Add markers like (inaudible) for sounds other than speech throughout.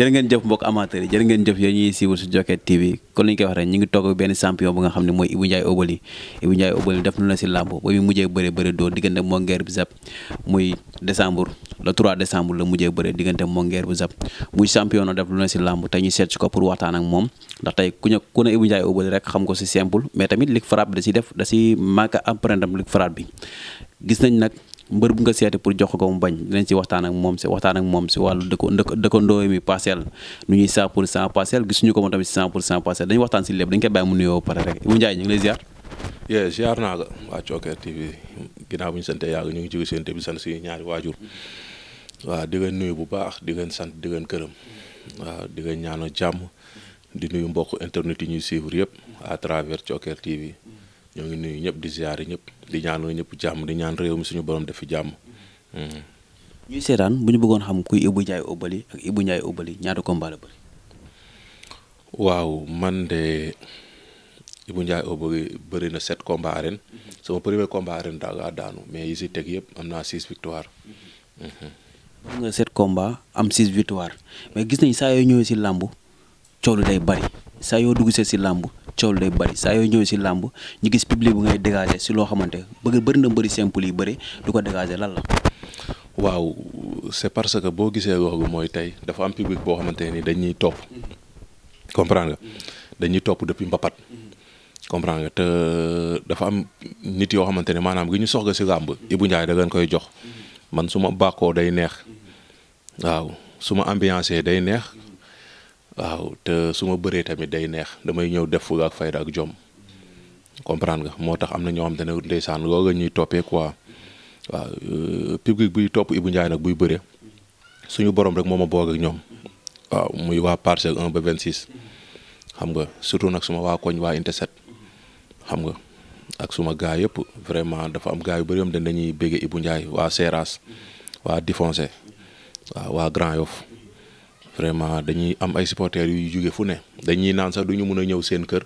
jërë ngeen jëf mbokk amateurs yi jërë ngeen jëf yéen ñuy siiwal su Thioket TV kon li ñu koy wax rek ñu ngi toog benn champion bu nga xam ne mooy Ibou Ndiaye Obali Ibou Ndiaye Obali def na la si làmb ba muy mujjee lu na si làmb tey ñu seet si ko pour waxtaan ak moom ndax tey ku ñu ku ne Ibou Obali rek xam ko si simple mais tamit lig frappe da si def da si manque empreinte am lig frappe bi gis nañ nag mbeur bu nga sété pour jox ko mu bañ dinañ ci waxtaan ak mom ci waxtaan ak mom ci walu deko deko ndoy mi parcel nu ñuy 100% parcel gis ñu ko mo tamit 100% parcel dañ waxtaan ci lepp dañ ko bay mu nuyo paré rek mu ñay ñu ngi lay ziar yeah ziar na la wa choker tv ginaaw buñ sante yaag ñu ngi ci sante bi sante ci ñaari wajur wa di gën nuyu bu baax di gën sante di gën kërëm wa di gën ñaanu jamm di nuyu mbokk internet yi ñuy suivre yépp à travers choker tv mm -hmm ñoo ngi nuyu ñëpp di ziar ñëpp di ñaanu ñëpp jàmm di ñaan réew mi um, suñu borom def fi jàmm. ñuy seetaan bu ñu bëggoon xam kuy Ibou Ndiaye Obali ak Ibou Ndiaye Obali ñaata combat la bëri. waaw man de ibu Ndiaye Obali bëri na sept combat arène mhm. sama premier combat arène daa ngaa daanu mais yi si teg yëpp am naa six victoire. Mhm. Mhm. am nga sept combat am six victoires mais gis nañ saa yoo ñëwee si làmb coow day bari saa yoo dugg see lamb. làmb coow day bëri saa yooyu ñëw si làmb ñu gis public bu ngay dégager si loo xamante bëgg bëri na mbëri simple yi bëri du ko dégager lan la. waaw c'est parce que boo gisee googu mooy tey dafa am public boo xamante ni dañuy topp comprendre nga dañuy topp depuis mbapat comprendre nga te dafa am nit yoo xamante ne maanaam gi ñu soxla si làmb Ibou Ndiaye da leen koy jox man su ma bàkkoo day neex waaw su ma ambiancé day neex waaw te suma bëree tamit day neex damay ñëw def fulla ak fayda ak jom comprendre nga moo tax am na ñoo xam te ne ndeysaan loolu la ñuy toppee quoi waaw euh, public buy topp Ibou Ndiaye nag buy bëre suñu borom rek moo ma boog ak ñoom waaw muy waa parcelle un ba 26 xam nga surtout nag suma waa koñ waa Inte 7 xam nga ak suma gaa yëpp vraiment dafa am gaa yu bëri de dañ dañuy bége Ibou Ndiaye waa Seras waa Difoncé waaw waa Grand Yoff vraiment dañuy am ay supporters yu juge fu ne dañuy naan sax du ñu mun a ñëw seen kër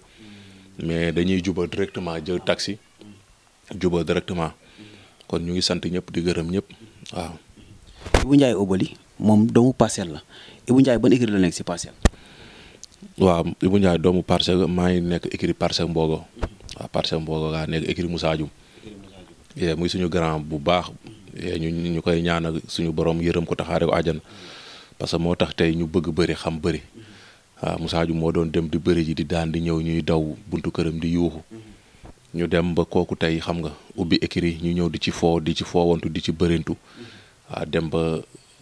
mais dañuy jubal directement jël taxi jubal directement kon ñu ngi sant ñëpp di gërëm ñëpp waaw. Ibou Ndiaye Obali moom doomu parcelle la Ibou Ndiaye ban écurie la nekk si parcelle. waaw Ibou Ndiaye doomu parcelle maa ngi nekk écurie parcelle Mbogo waaw parcelle Mbogo gaa nekk écurie Moussa Dioum muy suñu grand bu baax ñu ñu koy ñaanal suñu borom yërëm ko taxaare ko àjjana parce que moo tax tey ñu bëgg bëri xam bëri waaw mm-hmm. ah, Moussa Dioum moo doon dem di bëri ji di daan di ñëw ñuy daw buntu këram di yuuxu mm-hmm. ñu dem ba kooku tey xam nga ubbi écrit ñu ñëw di ci foo di ci foowantu di ci bërintu waaw mm-hmm. ah, dem ba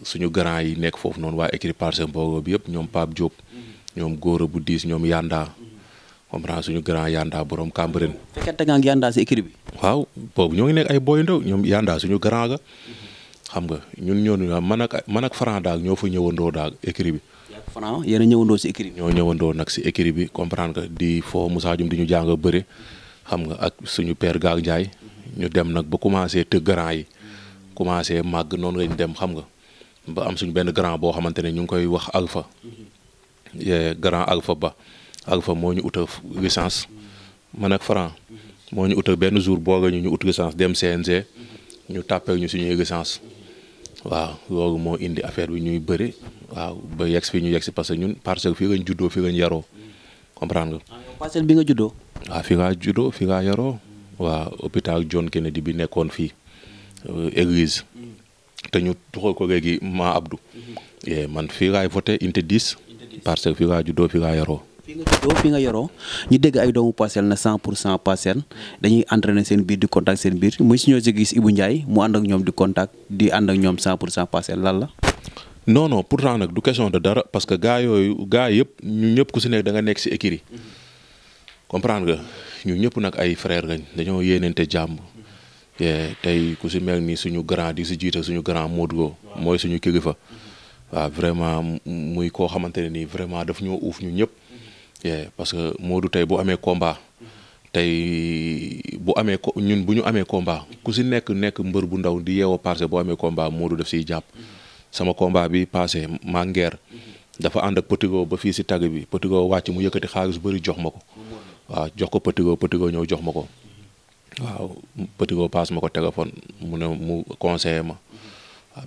suñu grand yi nekk foofu noonu waa écrit Parcelles Mbogo bi yëpp ñoom Pape Diop ñoom góora bu diis ñoom Yanda comprend suñu grand Yanda borom Cambérène. fekkente nga ak Yanda si écrit bi. waaw boobu ñoo ngi nekk ay boy ndaw ñoom suñu grand ga. xam nga ñun ñoo ñu man ak man ak Franc daal ñoo fa ñëwandoo daal écrit bi. Franc yéen a ñëwandoo si écrit ñoo ñëwandoo nag si écrit bi comprendre que di foo Moussa Dioum di ñu jàng bëre xam nga ak suñu père Gaag Ndiaye ñu dem nag ba commencé tëgg grand yi commencé màgg noonu lañ dem xam nga ba am suñu benn grand boo xamante ne ñu ngi koy wax Alpha. Mhm. Eh, grand Alpha Ba Alpha moo ñu uta licence man ak Franc mhm. moo ñu uta benn jour booga ñu ñu ut licence dem CNG mhm. ñu tàppee ñu suñuy licence. waaw loolu moo indi affaire bi ñuy bëri waaw ba yegg fi ñu yegg si parce que ñun parce fi fii lañ juddoo fii lañ yaroo comprendre nga. Ah, parcelle bi nga juddoo. waaw ah, fii laa juddoo fii laa yaroo. waaw hôpital John Kennedy bi nekkoon fii euh, église. te ñu tuxal ko léegi ma Abdou. Mm-hmm. Eh, man fii laay voté unité 10. parce que fii laa juddoo fii laa yaroo. fi nga juddoo nga yoroo ñu dégg ay doomu parcelle na cent pour cent parcelle dañuy entraîner seen biir di contact seen biir muy si ñoo si gis Ibou Ndiaye mu àndak ñoom di contact di ànd ak ñoom 100 pour cent parcelle lan la. non non pourtant nag du question de dara parce que gars yooyu gars yëpp ñu ñëpp ku si nekk da nga nekk si écurie comprendre nga ñu ñëpp nag ay frère lañ dañoo yéeneente jàmm. tey ku si mel nii suñu grand di si jiite suñu grand Modou mooy suñu kilifa. waaw vraiment muy koo xamante ne nii vraiment daf ñoo uuf ñëpp. parce que Modou tey bu amee combat tey bu amee ko ñun bu ñu amee combat ku si nekk nekk mbër bu ndaw di yeewoo parce que bu amee combat Modou daf siy jàpp sama combat bi passé maa ngeer ànd ak ba fii si tagg bi Potigo wàcc mu yëkkati xaalis bëri jox ma ko waaw jox ko Potigo Potigo ñëw jox ma ko waaw Potigo paas ma ko téléphone mu ne mu conseillé ma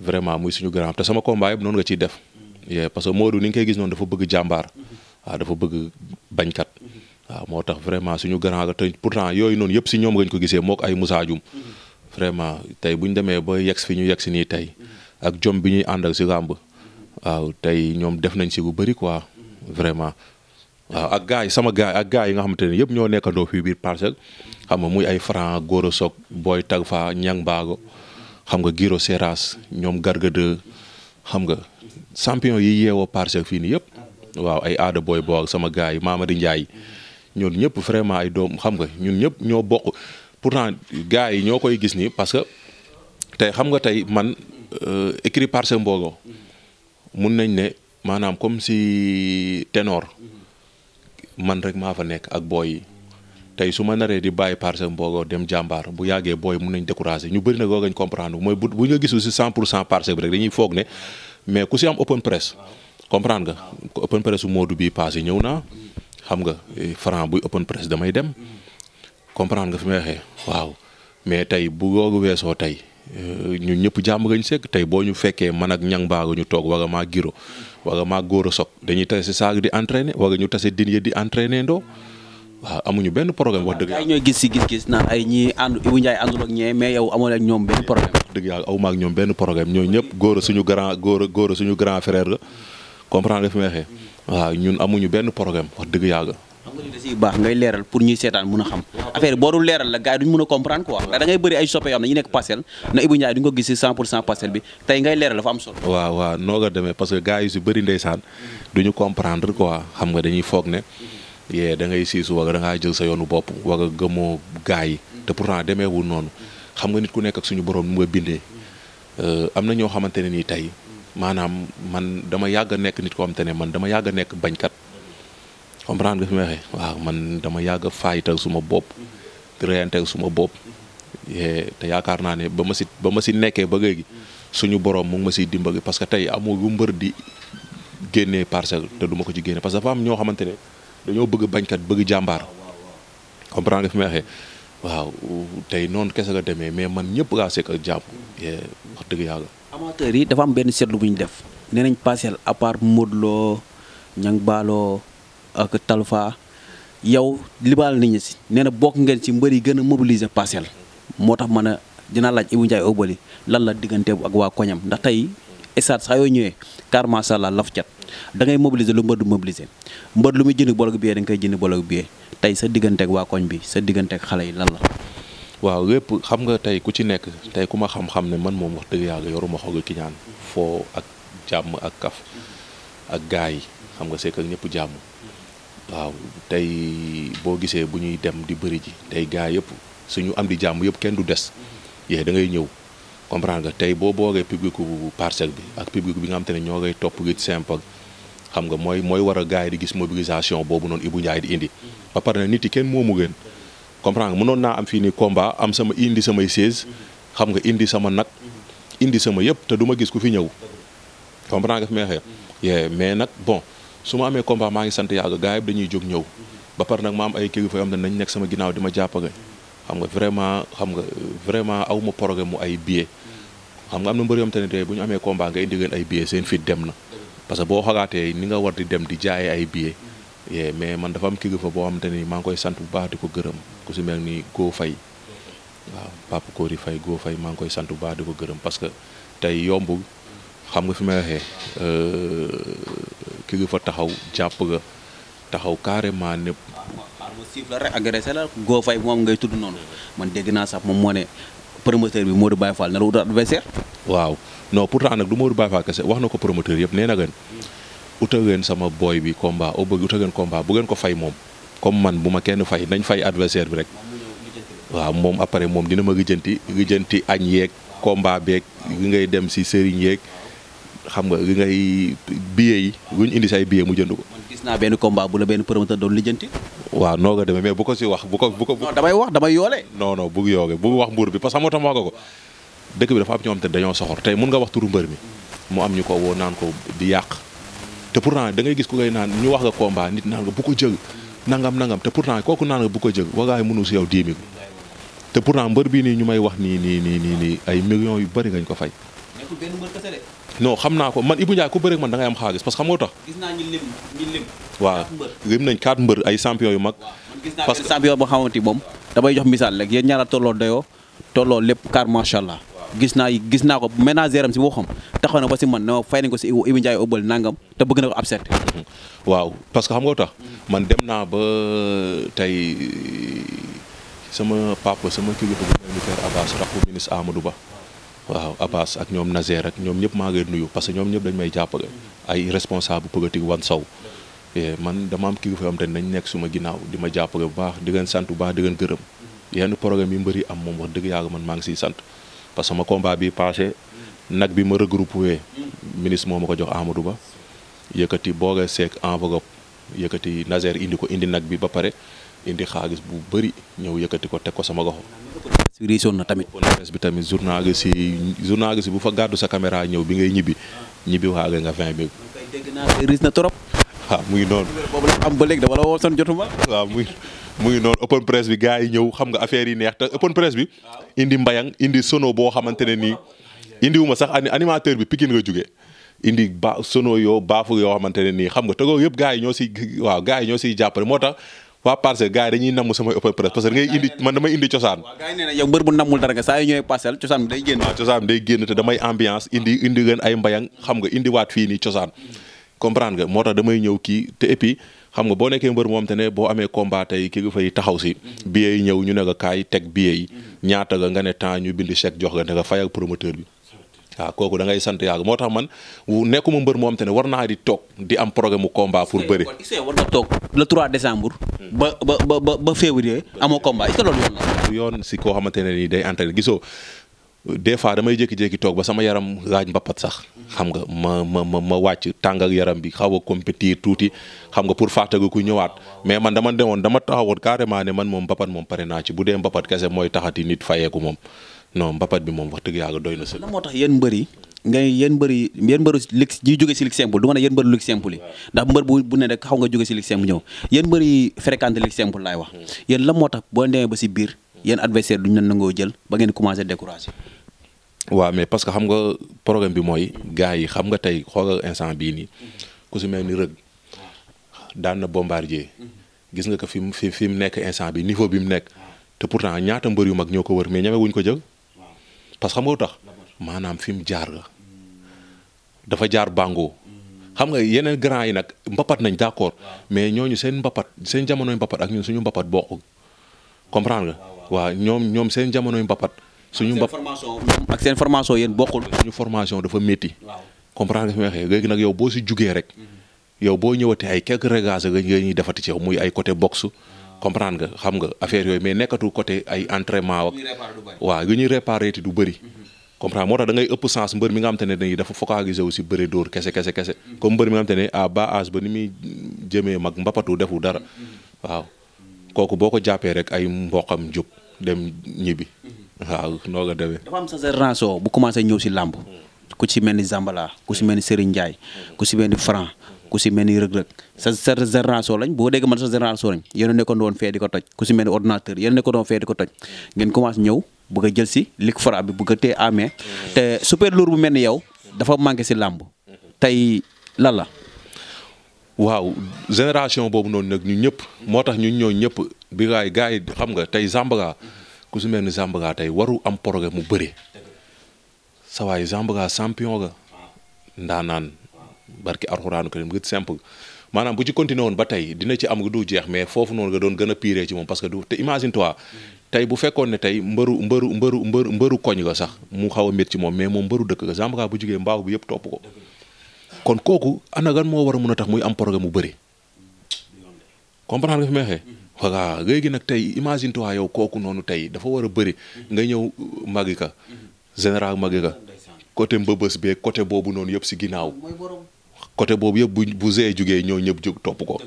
vraiment muy suñu grand te sama combat yëpp noonu nga ciy def. parce que Modou ni nga koy gis noonu dafa bëgg jàmbaar. waaw dafa bëgg bañkat waaw moo tax vraiment suñu grand ga te pourtant yooyu noonu yëpp si ñoom gañ ko gisee mook ay Moussa Dioum vraiment tey bu ñu demee booy yegg fi ñu yegg si nii tey ak jom bi ñuy ànd ak si gàmb waaw tey ñoom def nañ si bu bëri quoi vraiment waaw ak gars yi sama gars ak gars yi nga xamante ne yëpp ñoo nekkandoo fii biir parcelle xam nga muy ay franc Goro booy tag fa Ñang Baago xam nga giiro Seras ñoom Garga 2 xam nga champion yi yeewoo parcelle fii yëpp waaw ay aada booy boo ak sama gars yi maama Mamadi Ndiaye ñun ñëpp vraiment ay doom xam nga ñun ñëpp ñoo bokk pourtant gars yi ñoo koy gis ni parce que tey xam nga tey man euh, écrit par sa mbogo mun nañ ne maanaam comme si tenoor man rek maa fa nekk ak booy yi tey su ma naree di bàyyi parce que mboogoo dem jàmbaar bu yàggee booy mun nañ découragé ñu bëri na googañ comprendre mooy bu bu ñu gisul si 100 pour cent parce que bi rek dañuy foog ne mais ku si am open press comprendre nga open press Modou bi passé ñewna xam nga eh, franc bu open press damay dem comprendre nga fi may waxee waaw mais tay bu googu weesoo tay eh, ñun ñëpp jamm gañ sék tay boo ñu man ak ñang baago ñu tok waga ma giro waga ma goro sok dañuy tase sag di entraîner waga ñu tassé din ya di entraîner ndo waaw amuñu benn programme wax deug ay ñoy gis gis-gis na ay ñi and Ibou ñay andu ak ñe mais yow amoo ak ñom benn programme deug yàlla aw ak ñom benn programme ñoy ñep goro suñu grand goro goro suñu grand frère comprendre nga fi waaw ñun amuñu benn programme wax dëgg yàlla. xam baax ngay leeral pour ñuy seetaan mun a xam affaire boo dul leeral la gars du duñ mën a comprendre quoi da ngay bëri ay soppe yoo ne ñu nekk parcelle na Ibou Ndiaye duñ ko tey ngay leeral dafa am solo. waaw waaw noo nga demee parce que gars yi ci bëri du ñu comprendre quoi xam nga dañuy foog ne yee da ngay siisu wala da ngaa jël sa yoonu bopp wala gëmoo gars yi te demee demeewul noonu xam nga nit ku nekk ak suñu borom nu nga bindee euh, am na ñoo xamante ne nii tey manam man dama yàgg nek nit ko am man dama yàgg nek nekk bañkat comprendre nga waxe waaw man dama yàgg fayta suma bop di reyante ak ye bopp te yaakaar naa ne bama sit si si nekke ba geegi suñu borom mo ngi ma siy dimbali parce que tay amo yu mbeur di genné parcel te duma ko ci genné parce que dafa am ño xamantene dañu dañoo bëgg bañkat bëgg jambar comprendre nga waxe may waxee waaw tey noonu kese mais man ñepp ga sék ak ye wax deug yalla amateur yi dafa am ben setlu buñ def nenañ nañ à part modlo ñang balo ak Talfa yow libal nit ñi ci nena bok ngeen ci mbeuri gëna mobiliser parcelle motax mëna dina laaj Ibou Ndiaye Obali lan la digënté ak wa koñam ndax tay stade sa yo ñëwé car sha allah laf da ngay mobiliser lu mbeud du mobiliser mbeud lu mi jënd bolog bié da koy jënd bolog bié tay sa digënté ak wa koñ bi sa digënté ak xalé yi lan la waaw lépp xam nga tey ku ci nekk tey ku ma xam-xam ne man moom wax dëgg yàlla yoruma xoolu ki ñaan foo ak jàmm ak kaf ak gaa yi xam nga c'est que ñëpp jàmm waaw tey boo gisee bu ñuy dem di bëri ji tey gaa yëpp suñu am di jàmm yëpp kenn du des yee da ngay ñëw comprendre nga tey boo boogee public bu parcelle bi ak public bi nga xam te ne ñoo ngay topp lutte simple xam nga mooy mooy war a gaa yi di gis mobilisation boobu noonu Ibou Ndiaye di indi ba pare na nit yi kenn moomu gën comprendre nga mënoon naa am fii nii combat am sama indi samay chaise xam nga indi sama nag indi sama yëpp te du ma gis ku fi ñëw comprendre nga fi may waxee mais nag bon su ma amee combat maa ngi sant yàlla gars yi dañuy jóg ñëw ba pare nag maam ay kilifa yoo xam ne nañ nekk sama ginnaaw di ma jàppale xam nga vraiment xam nga vraiment aw ma programme mu ay billet xam nga am na mbër yoo xam te ne bu ñu amee combat nga indi leen ay billet seen fit dem na parce que boo xalaatee ni nga war di dem di jaayee ay billet mais man dafa am kilifa boo xamante ni maa ngi koy sant bu baax di ko gërëm ku si mel ni Go Faye waaw Papa Kori fay goo fay maa ngi koy sant bu baax di ko gërëm parce que tey yombul xam nga fi may waxee euh, fa taxaw jàpp nga taxaw carrément népp siif la rek agressé la Go Faye moom ngay tudd noonu man dégg naa sax moom moo ne promoteur bi Modou Baye Fall na la wut adversaire waaw non pourtant nag du Modou Baye Fall kese wax na ko promoteur yëpp nee na gan utal sama boy bi combat o beug utal combat bu gen ko fay mom comme man buma kenn fay nañ fay adversaire bi rek wa mom après mom dina ma gëjanti gëjanti agn yek combat bek gi ngay dem ci serigne yek xam nga gi ngay billet yi bu indi say billet mu jënd ko. man gis na ben combat bu la ben promoteur doon lijeenti wa noo ko mais bu ko si wax bu ko bu ko. damay wax damay yoole. non non bu yooge bu wax mbuur bi parce que moo tax ko ko dëkk bi dafa am ñoom te dañoo soxor tay mun nga wax turu mbër mi mu am ñuko ko nan ko di yaq te pourtant da ngay gis ko ngay naan ñu wax nga combat nit naan nga bu ko jëg nangam nangam te pourtant kooku naan bu ko jëg wagaay mënu si yow 10 000 te pourtant mbër bii nii ñu may wax nii nii nii nii nii ay millions yu bëri ngañ ko fay. nekkul xam naa ko man Ibou Ndiaye ku bëre ak man da am xaalis parce que xam tax. gis waaw lim nañ 4 mbër ay champion yu mag. parce que champion boo xamante moom damay jox misaal rek yéen ñaara tolloo doyoo tolloo lépp car macha allah gis naa gis naa ko ménagère am si waxam taxaw na ba si man ne ma fay nañ ko si Ibu Ndiaye Obeuly nangam te bëgg na ko absente. Mm-hmm. waaw parce que xam nga tax man dem naa ba euh, tey sama papa sama kilifa bu ñu faire Abbas rakku ministre Ba. waaw Abbas ak ñoom Nazer ak ñoom ñëpp maa ngi nuyu parce que ñoom ñëpp dañ may jàppale. ay responsable politique wan saw. Eh, man dama am kilifa yoo xam nañ nekk suma ginnaaw di ma jàppale bu baax di leen sant bu baax di leen gërëm. yenn programme yu mbëri am moom wax dëgg yàlla man maa ngi siy sant. parce que sama combat bi passé nag bi ma regroupé ministre moo ma ko jox Amadou Ba yëkkati booga seek enveloppe indi ko indi nag bi ba pare indi xaalis bu bëri ñëw yëkkati ko teg ko sama gox. riisoon na tamit. bi tamit journaliste yi journaliste yi bu fa gàddu sa bi ngay ñibbi ñibbi waale nga vingt (laughs) ah, (laughs) ah, open press bi gars yi ñëw xam nga open press bi. Ah. indi mbayang indi sono boo xamante ne nii indi wu sax animateur bi Pikine nga jóge indi ba sono yoo baafu yoo xamante ne nii xam nga tegoo yëpp gars yi ñoo si waaw gars yi ñoo siy jàppale moo tax waa na yow mbër bu nammul dara te damay ambiance nga indi cosaan comprendre nga moo tax damay ñëw kii te et xam nga boo nekkee mbër moom te ne boo amee combat tey ki nga fay taxaw si billet yi ñëw ñu ne nga kaay teg billet yi ñaata nga nga ne temps ñu bind chèque jox nga ne nga fay promoteur bi waaw kooku da ngay sant yàgg moo tax man nekkuma mbër moom te ne war naa di toog di am programme mu combat pour bari est-ce toog le 3 décembre. ba ba ba ba février amoo combat est-ce loolu yoon la. yoon si koo xamante ne nii day entraîné gisoo des fois damay jékki-jékki toog ba sama yaram laaj mbappat sax xam nga ma ma ma ma wàcc tàngal yaram bi xaw a compétir tuuti xam nga pour faatagu ku ñëwaat mais man dama demoon dama taxawoon carrément ne man moom mbappat moom pare naa ci bu dee mbappat kese mooy taxati nit fayeeku moom non mbappat bi moom wax dëgg yàlla doy na sëg. lan yéen mbër yi ngay yéen mbër yi yéen ñiy jóge si lig simple du ma ne yéen mbëru lig ne rek xaw jóge si lig simple ñëw yéen mbër yi fréquenté lig simple laay wax hmm. yéen la moo tax boo demee ba si biir yéen adversaire duñ leen nangoo jël ba ngeen commencé découragé. waaw mais parce que xam nga problème bi mooy gars yi xam nga tey xoolal instant bii nii ku si mel ni rëg daan na bombardier gis nga ko fi mu fi mu nekk instant bi niveau bi mu nekk te pourtant ñaata mbër yu mag ñoo ko wër mais ñeme wuñ ko jël parce que xam nga lu tax maanaam fi mu jaar la dafa jaar bàngo xam nga yeneen grand yi nag mbapat nañ d'accord mais ñooñu seen mbapat seen jamonoy mbapat ak ñun suñu mbapat bokkul comprendre waaw ñoom ñoom seen jamonoy yu mbapat suñu mbapat ak seen formation yéen bokkul. suñu formation dafa métti. waaw comprendre nga fi ma waxee léegi nag yow boo si jugee rek. Mhm. yow boo ñëwatee ay quelques réglages nga ñuy defati ci yow muy ay côté boxe. Ah. comprendre nga xam nga affaire yooyu mais nekkatu côté ay entraînement ak. waaw yu ñuy réparé te du bëri. Mhm. comprendre moo tax dangay ëpp sens mbër mi nga xam te ne dañuy dafa focaliser wu si bëre dóor kese kese kese. Mhm. comme mbër mi nga xam te ne à bas ba ni muy jëmee mag mbapatu defu dara. waaw kooku boo ko jàppee rek ay mboqam jub dem ñibbi. waaw noo dafa am sax bu commencé ñëw si làmb. ku ci mel ni Zambala ku ci mel ni Serigne Ndiaye ku ci mel ni Franc ku ci mel ni Reug Reug sa sa génération lañ boo dégg man sa génération lañ yéen a nekkoon woon fee di ko toj ku ci mel ni ordinateur yéen a nekkoon woon fee di ko toj ngeen commencé ñëw bëgg jël ci lig fara bi bëgg a amee te super lourd bu mel ni yow dafa manqué si làmb tey lan la. waaw génération boobu noonu nag ñu ñëpp bi gaay gars yi xam nga tey Zambala ku su mel ni Zambala tey waru am programme mu bëre sa waay sampion champion ga ndaanaan barki arxuraanu karim gët simple maanaam bu ci continué woon ba tey dina ci am du jeex mais foofu noonu nga doon gën a ci moom parce que du te imagine toi tey bu fekkoon ne tey mbëru mbëru mbëru mbëru mbëru koñ ga sax mu xaw a métti ci moom mais moom mbaru dëkk nga Zambala bu jugee mbaaw bi yëpp topp ko kon kooku ana gan moo war a mun a tax muy am programme mu bëri voilà léegi nag tey imagine yow kooku noonu tey dafa war a bëri nga ñëw uh, Malika général Malika côté mbëbës bee côté boobu noonu yëpp si ginnaaw côté boobu yëpp bu bu zee jugee ñëw ñëpp jug topp ko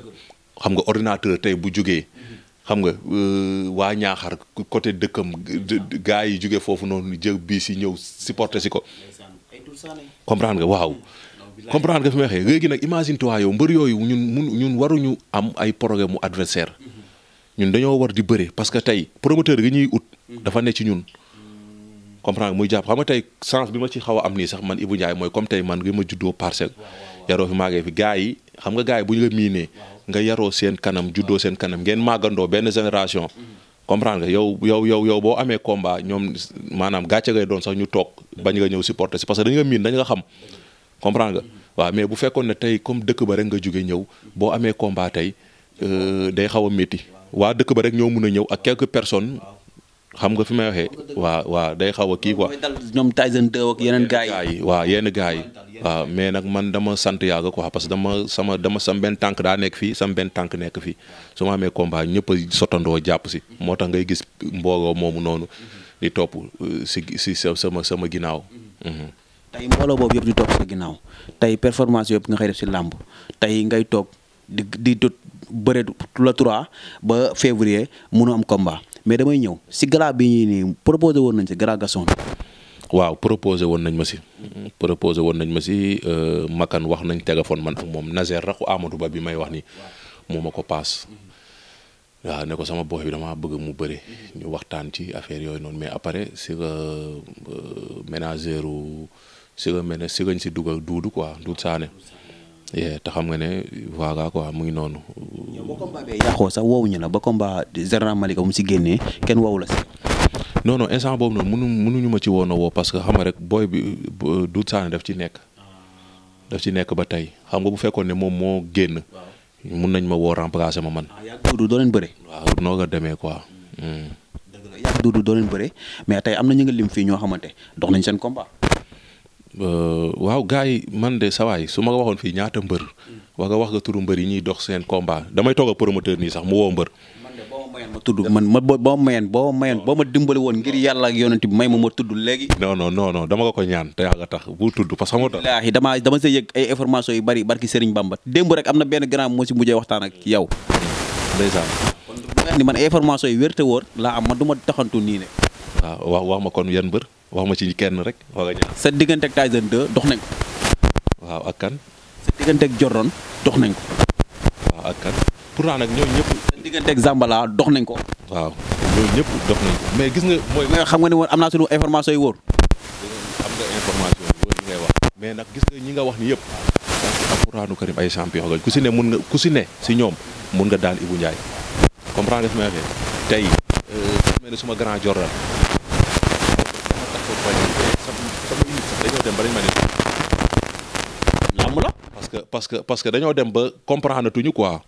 xam nga ordinateur tey bu jugee mm-hmm. xam nga uh, waa ñaaxar côté dëkkam gars yi jugee foofu noonu jël bii si ñëw supporté si ko comprendre nga waaw comprendre nga fi may waxee léegi nag imagine toi yow mbër yooyu ñun ñun waruñu am ay programme mu adversaire mm-hmm. ñun dañoo war di bëre parce que tey promoteur gi ñuy ut. dafa ne ci ñun. comprendre muy jàpp xam nga tey sens bi ma ci xaw a am nii sax man Ibou Ndiaye mooy comme tey man gi ma juddoo parcelle. yaroo fi maagee fi gars yi xam nga gars yi bu ñu la miinee. nga yaroo seen kanam juddoo seen kanam ngeen màggandoo benn génération. comprendre nga yow yow yow yow boo amee combat ñoom maanaam gàcce ngay doon sax ñu toog bañ nga ñëw supporter si parce que dañ nga miin dañ nga xam. comprendre nga mais bu fekkoon ne tey comme dëkk ba rek nga jóge ñëw boo amee combat tey euh, day xaw a métti. waa dëkk ba rek ñoo mun a ñëw ak quelques personnes. xam nga fi may waxee waa waaw day xaw a kii quoi ñoom Tyson 2 yeneen gars yi waa yenn gars yi waaw mais nag man dama sant yàgg quoi parce que dama sama sam benn tànk daa nekk fii sama benn tànk nekk fii su ma amee combat ñëpp a jàpp si mm-hmm. moo tax ngay gis mbooloo moomu noonu mm-hmm. di topp euh, si si sama sama ginnaaw mm-hmm. tey mbooloo boobu yëpp di topp sa ginnaaw tey performance yëpp nga xëy def si làmb tey ngay toog di di bëre la trois ba février mënu am combat mais damay ñëw si gala bi ñuy nii proposé woon nañ si gala Gaston waaw proposé woon nañ ma si. proposé woon nañ ma si euh, Makan wax nañ téléphone man ak moom Nazer raxu Amadou Ba bi may wax ni moom ma ko paas. waaw ne ko sama boy bi damaa bëgg mu bëre ñu waxtaan ci affaire yooyu noonu mais après si ga euh, ménageur si nga mel si gañ si dugal duudu ko duut saane te xam nga ne voilà quoi mu ngi noonu. yow ba combat bee yàqoo sax woowuñu la ba combat Général Malika mu si génnee kenn woowu la si. non non instant boobu noonu mënu mënuñu ma ci woon a woo parce que xam nga rek booy bi Doudou Sané daf ci nekk. Ah. daf ci nekk ba tey xam nga bu fekkoon ne moom moo génn. mun nañ ma woo remplacer ma man. waaw ah, yàgg Doudou doo leen bëre. waaw demee quoi. dëgg la yàgg Doudou doo leen bëre mais tey am na ñu nga lim fii ñoo xamante dox nañ seen combat. Eh, waaw gars yi man de sa way suma waxone fi ñaata mbeur wa nga wax ga turu mbeur yi ñuy dox seen combat damay toga promoteur ni sax mu woo mbër ma tuddu man ma bo mayen bo mayen bo ma dimbali won ngir yalla ak yonenti may mo ma tuddu léegi non non non non dama ko ñaan te yaa nga tax bu tuddu parce que xam nga dama dama sey yëg ay information yu bari barki Serigne Bamba dembu rek amna na grand mo ci mujjee waxtaan ak yow ndaysan ni man information yu werté wor la am ma duma taxantou ni ne ah, wa wax ma kon yeen mbër wax ma ci kenn rek wala ñaar. sa diggante ak dox nañ ko. waaw ak kan. sa diggante ak dox nañ ko. waaw ak kan pourtant nag ñooñu ñëpp. sa diggante ak dox nañ ko. waaw ñooñu ñëpp dox nañ ko mais gis nga mooy. xam nga ne woon am naa suñu information yu nga information yu wóor yi ngay wax. mais nag gis nga ñi nga wax ni yëpp. alxuraanu karim ay champion lañ ku si ne mun nga si ñoom mun nga daan Ibou Ndiaye comprendre nga fi may waxee tey su euh, ma grand Jordan dem ba dañ ma ne làmb la parce que parce que parce que dañoo dem ba comprendre tuñu quoi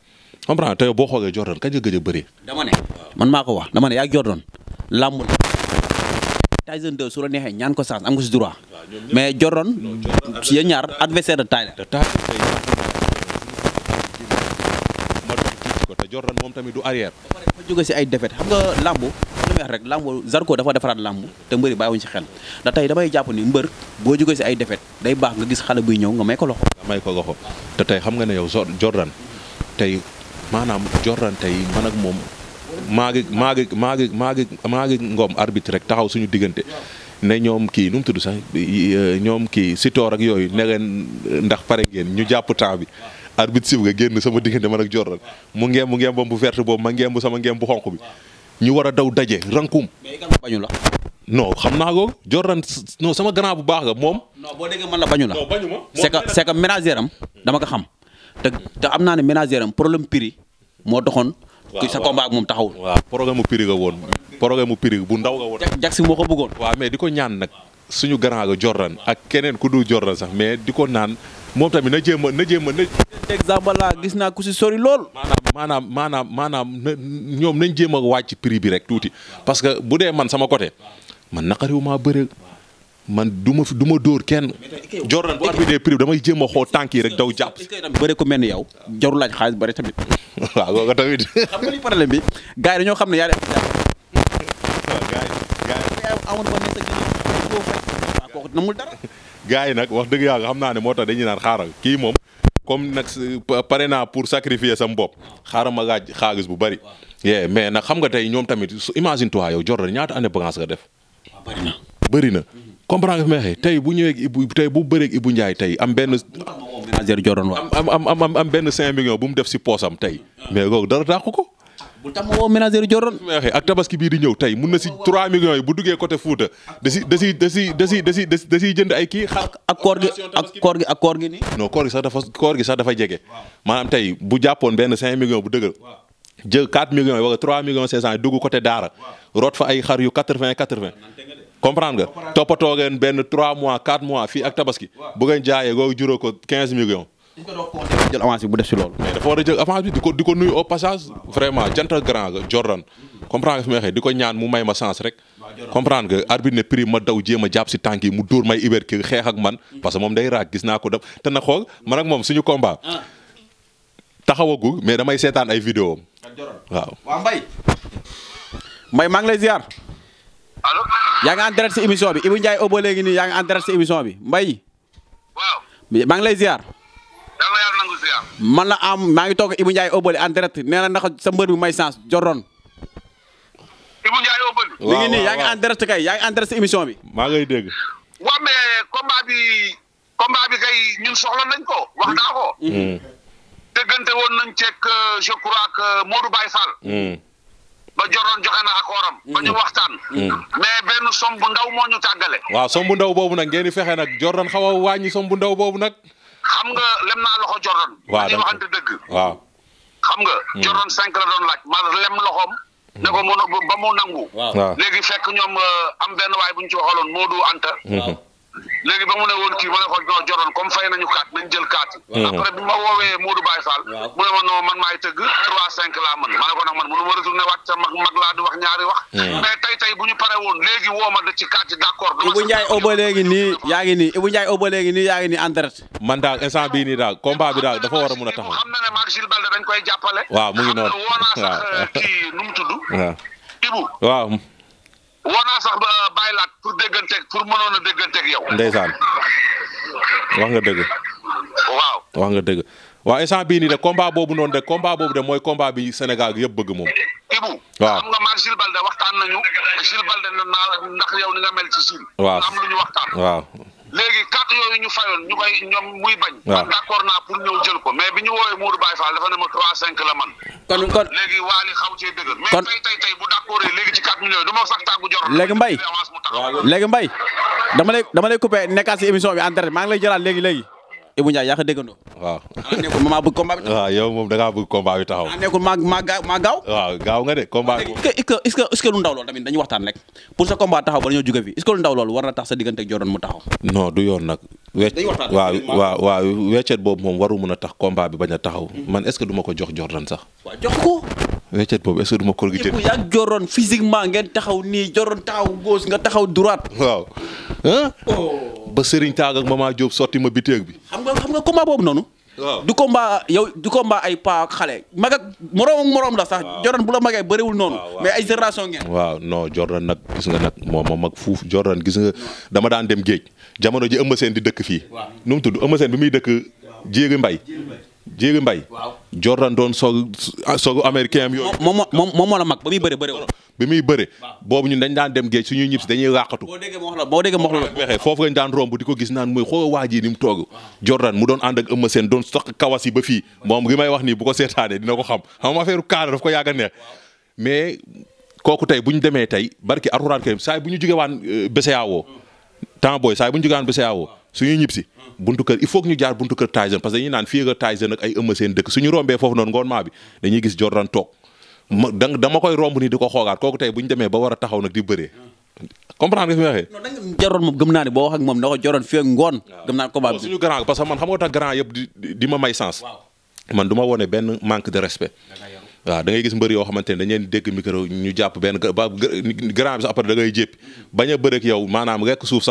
comprendre tey boo xoogee Jordan kañ nga gëj a dama ne man maa ko wax dama ne yaa Jordan làmb la. Tyson 2 la neexee ñaan ko sens am nga si droit mais Jordan si ñaar adversaire de taille la. te Jordan moom tamit du arrière. ba pare si ay défaite xam nga làmb. may rek làmb Zarko dafa defaraat làmb te mbëri bàyyiwuñ ci xel da tey damay jàpp ni mbër boo jógee si ay defet day baax nga gis xale buy ñëw nga may ko loxo nga te tey xam nga ne yow Jordan tey maanaam Jordan tey man ak moom maa ngi maa ngi maa maa ngi ngoom arbitre rek taxaw suñu diggante ne ñoom kii nu mu tudd sax euh, ñoom kii Sitor ak yooyu ne leen ndax pare ngeen ñu jàpp temps bi arbitre sif nga génn sama diggante man ak mu ngeem mu ngeem bu verte boobu ma ngeem bu sama ngeem bu xonq bi ñu war a daw daje rankum. mais kan bañu la. non xam naa ko Jordan non sama grand bu baax nga moom. non boo déggee man la bañu la. non bañu ma c'est que c'est que ménagère am dama ko xam. te te am naa ne ménagère am problème piri moo doxoon. waaw sa combat moom taxawul. waaw programme mu prix nga woon. programme mu prix bu ndaw nga woon. jag jag si moo ko bëggoon. waaw mais di ko ñaan nag. suñu grand ga Jordan ak keneen ku dul Jordan sax mais di ko naan moom tamit na jéem na jéem a na. exemple laa gis naa ku si sori lool. maanaam maanaam maanaam ñoom nañ jéem a wàcc prix bi rek tuuti parce que bu dee man sama côté man naqariwu maa bëre man du ma du ma dóor kenn. Jordan bu arbitre prix bi damay jéem a xoo tànk yi rek daw jàpp. bëre ko mel ni yow xaalis bëri tamit. (laughs) waaw kooku tamit. xam nga li problème bi gars xam ne yaa waxut namul dara. (laughs) gars yi nag wax dëgg yàlla xam naa ne moo tax dañuy naan xaaral kii moom comme nag pare naa pour sacrifier sa mbop xaaral ma laaj xaalis bu bari. yee mais nag xam nga tey ñoom tamit imagine toi yow Jordan ñaata année balance nga def. bëri na bëri na. comprendre nga fi may tey bu ñëwee Ibou tey bu bëreeg bu njaay tey am benn. am am am am benn 5 millions bu mu def si poosam tey. Ah. mais loolu dara dàqu ko. bu tam woo ménagère joron ak tabaski bii di ñëw mun na si 3 millions yi bu duggee côté Fouta desi desi desi desi da si da si da si da siy jënd ay kii xar ak koor gi ak koor gi ak koor gi nii non koor gi sax dafa koor gi sax dafa jege maanaam tey bu jàppoon benn 5 millions bu dëgër jël 4 millions wala 3 millions 500 dugg côté Daara root fa ay xar yu 80 80 comprendre nga toppatoo ngeen benn 3 mois 4 mois fii ak tabaski bu ngeen jaayee googu juróo ko 15 millions jël avance bu def si lool mais dafa war a jël avance bi di ko di ko nuyu au passage vraiment jantal grand nga Jordan comprendre nga fi may waxee di ko ñaan mu may ma sens rek. comprendre nga arbitre ne prix ma daw jéem a jàpp si tànk yi mu dóor may iber ki xeex ak man hmm. parce que moom day raag gis naa ko def te na xool man ak moom suñu combat. Ah. taxawagu mais damay seetaan ay vidéo waa Mbaye. Mbaye maa ngi lay ziar. allo. yaa ngi en si émission bi Ibou Ndiaye Obo léegi nii yaa ngi en direct émission bi Mbaye. waaw maa ngi lay ziar. man la am maa ngi toog Ibou Ndiaye Obali en direct nee na ndax sa mbër bi may chance joroon. Ibou Ndiaye Obali. waaw waaw yaa ngi en direct kay yaa ngi en direct si émission bi. maa ngay dégg. waaw mais combat bi combat bi kay ñun soxla nañ ko wax mm. Mm. déggante woon nañ ceeg euh, je crois que Modou Baye Fall. Mm. ba joroon joxe na akooram. ba ñu waxtaan. mais benn som bu ndaw moo ñu waaw som bu ndaw boobu nag ngeen fexe nag joroon xaw a wàññi bu ndaw boobu nag. xam nga lem joran loxo Jordan. waaw dañuy joran dëgg. waaw xam nga. Hmm. Jordan 5 la doon laaj ma lem loxom hmm. ne ko ba nangu. Legi léegi fekk ñoom euh, am benn waay bu ci Anta. Hmm. léegi ba mu ne woon kii ma ne ko ñoo joroon comme fay nañu kaat nañ jël kaat man hmm. ma woowee Modou Baye Fall mu ne ma man maay tëgg trois cinq laa mën ma ne ko nag man mënu mag laa di wax ñaari wax hmm. mais tey tey bu ñu pare woon léegi woo ma da ci kaat yi d' accord Ibou Ndiaye Oba léegi nii yaa ngi nii Ibou Ndiaye Oba léegi nii yaa ngi nii en man daal instant bii nii daal combat bi dafa war mun a taxaw xam na ne maag Gilles Balde dañ koy jàppale waaw mu ngi noonu woo sax euh, kii nu mu tudd waaw woo naa sax bàyyi laat pour dégganteeg pour mënoon a dégganteeg yow. ndeysaan wax nga dëgg. waaw wax nga dëgg waaw instant bii nii de combat boobu noonu de combat boobu de mooy combat bi Sénégal gi yëpp bëgg moom. Ibu waaw nga maag Gilles Balde waxtaan nañu Gilles Balde na naa ndax ni nga mel ci Gilles. waaw waaw. léegi carte yooyu ñu fayoon ñu koy ñoom muy bañ. waaw d'accord naa pour ñëw jël ko mais bi ñu woowee Mourou Baye Fall dafa ne ma 3-5 la man. kon kon léegi waa xaw cee dëgër. mais tey tey bu d'accord léegi ci 4 millions du ma sax tàggu joroon. léegi Mbaye léegi Mbaye dama lay dama lay coupé nekkaat si émission bi en maa ngi lay jëlaat léegi léegi Ibou Ndiaye yaa ko déggandoo. waaw ah nekkul ma maa bëgg combat bi. waaw yow moom da ngaa bëgg combat bi taxaw. ah nekkul maa maa gaaw maa waxtaan rek pour sa combat taxaw ba dañoo jóge fi ndaw loolu war na tax sa diggante ak Jordan mu taxaw. non du yoon nag. waaw waaw waaw weccet boobu moom waru mën a tax combat bi bañ a taxaw. man est-ce que ko jox Jordan sax. weccet boobu est-ce que du ma kóol gi jël. bu physiquement ngeen taxaw nii joroon taxaw gauche nga taxaw droite. waaw ah. ba Serigne Tag ak Mama Diop sotti ma biteeg bi. xam nga xam nga combat noonu. waaw du combat yow du combat ay paa xale. mag ak moroom ak moroom la sax. Jordan bu la magee bëriwul noonu. mais ay génération ngeen. waaw non Jordan nag gis nga nag moom ma mag fuuf Jordan gis nga dama daan dem géej jamono ji Eumeu Sène di dëkk fii. nu tudd Eumeu Sène bi muy dëkk. jéegi mbay Jéeri Mbay waaw Jordan doon soog soog américain am yooyu. moom moom moom moo la mag ba muy bëre bëre woon. bi muy bëre. boobu ñun dañ daan dem géej suñuy ñib si dañuy làqatu. boo déggee wax la boo déggee wax la. waxee foofu lañ daan romb di ko gis naan mooy xoolal waa ji ni mu toog. Jordan mu doon ànd ak Eumeu Sène doon soq kawas yi ba fii moom li may wax nii bu ko seetaanee dina ko xam xam nga affaire kaana daf ko yàgg a neex mais kooku tey bu ñu demee tey barki Alxuraan karim saa bu ñu jugee waan euh, BCEAO mm. temps booy saa bu ñu jugee waan BCEAO suñuy ñib si buntu kër il faut ñu jaar buntu kër Tyson parce que dañuy naan fii nga ay ëmma dëkk suñu rombee foofu noonu ngoon maa dañuy gis Jordan toog dama koy romb nii di ko xoogaat kooku tey bu ñu demee ba war taxaw nag di bëree comprendre nga fi naa ne boo wax moom da ko Jordan fii ak ngoon. gëm naa ko combat bi suñu grand parce que man xam nga grand yëpp di ma may sens. man du ma wone benn manque de respect. waaw da gis mbër yoo xamante ne dañ leen dégg micro ñu jàpp benn ba grand bi sax après da ngay jéppi mm-hmm. bañ a bëreeg yow maanaam rekk suuf